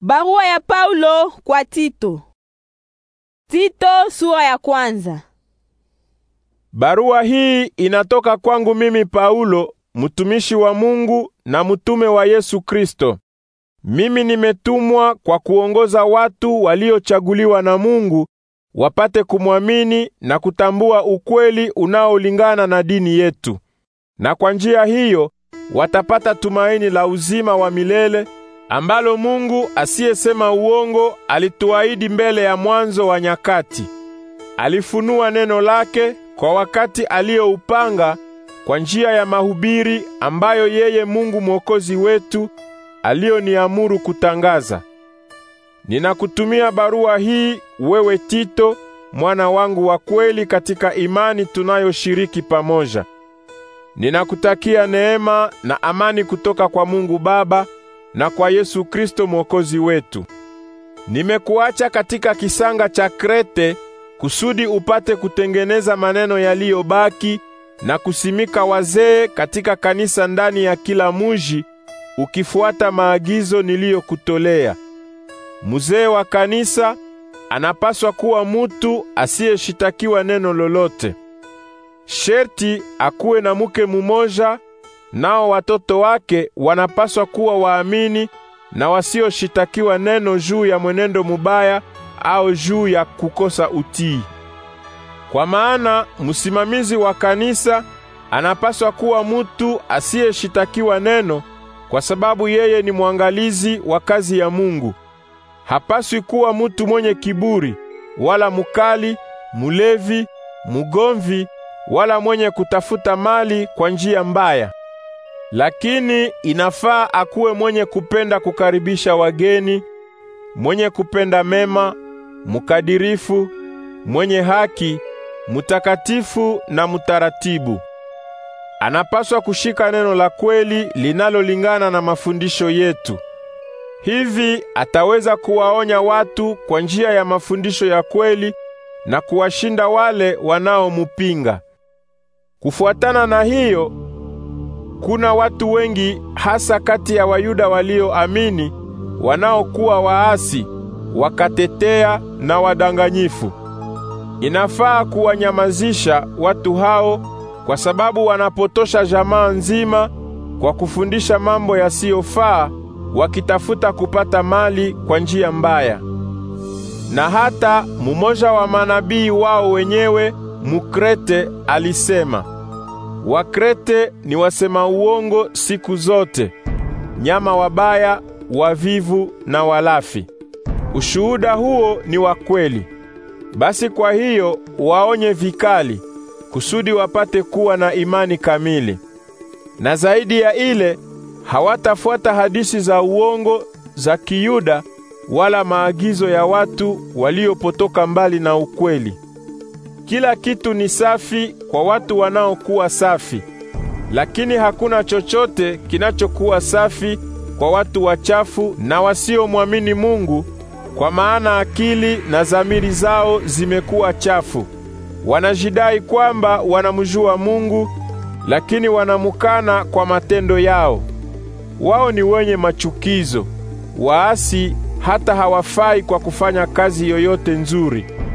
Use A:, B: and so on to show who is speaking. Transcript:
A: Barua ya Paulo kwa Tito. Tito sura ya kwanza. Barua hii inatoka kwangu mimi Paulo, mtumishi wa Mungu na mtume wa Yesu Kristo. Mimi nimetumwa kwa kuongoza watu waliochaguliwa na Mungu wapate kumwamini na kutambua ukweli unaolingana na dini yetu. Na kwa njia hiyo watapata tumaini la uzima wa milele ambalo Mungu asiyesema uongo alituahidi mbele ya mwanzo wa nyakati. Alifunua neno lake kwa wakati aliyoupanga kwa njia ya mahubiri ambayo yeye Mungu Mwokozi wetu aliyoniamuru kutangaza. Ninakutumia barua hii wewe Tito, mwana wangu wa kweli katika imani tunayoshiriki pamoja. Ninakutakia neema na amani kutoka kwa Mungu Baba na kwa Yesu Kristo Mwokozi wetu. Nimekuacha katika kisanga cha Krete kusudi upate kutengeneza maneno yaliyobaki na kusimika wazee katika kanisa ndani ya kila muji, ukifuata maagizo niliyokutolea. Mzee wa kanisa anapaswa kuwa mutu asiyeshitakiwa neno lolote. Sherti akuwe na muke mumoja nao watoto wake wanapaswa kuwa waamini na wasioshitakiwa neno juu ya mwenendo mubaya au juu ya kukosa utii. Kwa maana msimamizi wa kanisa anapaswa kuwa mutu asiyeshitakiwa neno, kwa sababu yeye ni mwangalizi wa kazi ya Mungu. Hapaswi kuwa mutu mwenye kiburi, wala mukali, mulevi, mugomvi, wala mwenye kutafuta mali kwa njia mbaya. Lakini inafaa akuwe mwenye kupenda kukaribisha wageni, mwenye kupenda mema, mkadirifu, mwenye haki, mtakatifu na mtaratibu. Anapaswa kushika neno la kweli linalolingana na mafundisho yetu. Hivi ataweza kuwaonya watu kwa njia ya mafundisho ya kweli na kuwashinda wale wanaomupinga. Kufuatana na hiyo kuna watu wengi hasa kati ya Wayuda walioamini wanaokuwa waasi, wakatetea na wadanganyifu. Inafaa kuwanyamazisha watu hao kwa sababu wanapotosha jamaa nzima kwa kufundisha mambo yasiyofaa wakitafuta kupata mali kwa njia mbaya. Na hata mumoja wa manabii wao wenyewe Mukrete alisema Wakrete ni wasema uongo siku zote, nyama wabaya, wavivu na walafi. Ushuhuda huo ni wa kweli. Basi kwa hiyo waonye vikali, kusudi wapate kuwa na imani kamili. Na zaidi ya ile, hawatafuata hadisi za uongo za Kiyuda wala maagizo ya watu waliopotoka mbali na ukweli. Kila kitu ni safi kwa watu wanaokuwa safi, lakini hakuna chochote kinachokuwa safi kwa watu wachafu na wasiomwamini Mungu, kwa maana akili na zamiri zao zimekuwa chafu. Wanajidai kwamba wanamjua Mungu, lakini wanamukana kwa matendo yao. Wao ni wenye machukizo, waasi hata hawafai kwa kufanya kazi yoyote nzuri.